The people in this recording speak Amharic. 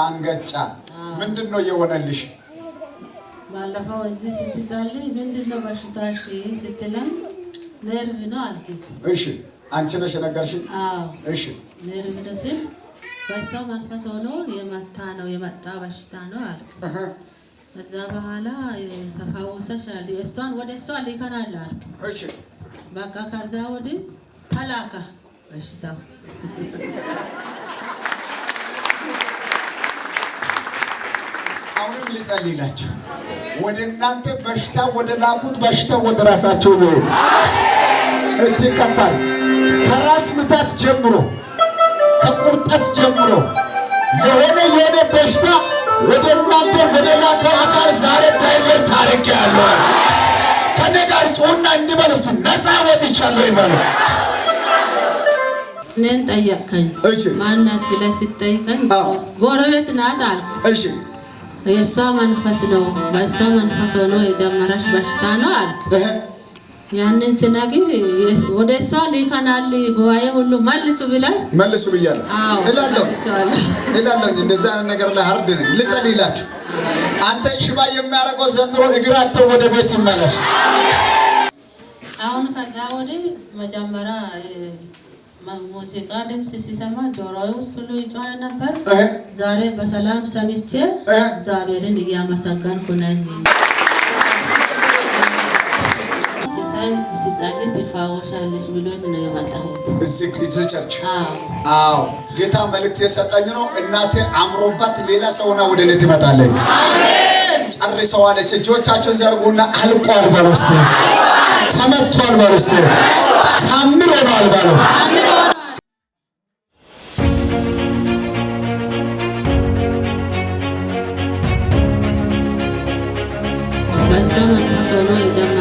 ካንገጫ ምንድን ነው የሆነልሽ? ባለፈው እዚህ ስትጸልይ ምንድን ነው በሽታሽ ስትለኝ ነርቭ ነው አልኩት። እሺ አንቺ ነሽ የነገርሽኝ? እሺ ነርቭ ነው ስል በሰው መንፈስ ሆኖ የመታ ነው የመጣ በሽታ ነው አልክ። ከዛ በኋላ ተፋወሰሻል። እሷን ወደ እሷ ሊከናል አልክ። እሺ በቃ ከዛ ወዲህ ተላካ በሽታው አሁንም ልጸልይላችሁ ወደ እናንተ በሽታ ወደ ላኩት በሽታ ወደ ራሳቸው ይሄድ። እጅ ከፋል ከራስ ምታት ጀምሮ ከቁርጠት ጀምሮ የሆነ የሆነ በሽታ ወደ እናንተ ወደ ላከው አካል ዛሬ ታይቨር ዳይቨርት ታደርጊያለሁ። ከኔ ጋር ጩና እንዲበል እስቲ ነፃ ወጥቻለሁ ይበሉ። እኔን ጠየቅከኝ ማናት ብለህ ስጠይቀኝ ጎረቤት ናት አልኩ። የእሷ መንፈስ ነው በእሷ መንፈስ ሆኖ የጀመረች በሽታ ነው አልክ። ያንን ስነግር ወደ እሷ ሊከናል ጉባኤ ሁሉ መልሱ ብለህ መልሱ ብያለሁ እላለሁ እላለሁ። እንደዚህ አይነት ነገር ላይ አርድ ነኝ ልጸልይላችሁ። አንተን ሽባ የሚያደርገው ዘንድሮ እግራቸው ወደ ቤት ይመለስ። አሁን ከዛ ወደ መጀመሪያ ሙዚቃ ድምፅ ሲሰማ ጆሮዬ ውስጥ ሁሉ ይጮህ ነበር። ዛሬ በሰላም ሰምቼ እግዚአብሔርን እያመሰገንኩ ነኝ። ሲጸልይ ትፈወሻለሽ ብሎኝ ነው የመጣሁት አዎ ጌታ መልእክት የሰጠኝ ነው። እናቴ አምሮባት ሌላ ሰውና ወደ እኔ ትመጣለች። ጨርሰዋለች። እጆቻቸውን ዘርጉና አልቋል በሉ ተመቷል በሉ ታምር አምር አልባ ነው። በዛ መንፈስ ሆኖ የጀመ